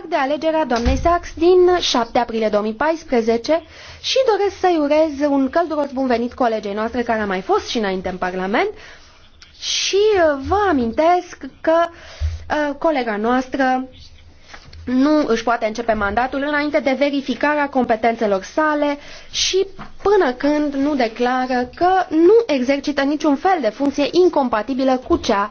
fac de alegerea doamnei Sachs din 7 aprilie 2014 și doresc să-i urez un călduros bun venit colegei noastre care a mai fost și înainte în Parlament și uh, vă amintesc că uh, colega noastră nu își poate începe mandatul înainte de verificarea competențelor sale și până când nu declară că nu exercită niciun fel de funcție incompatibilă cu cea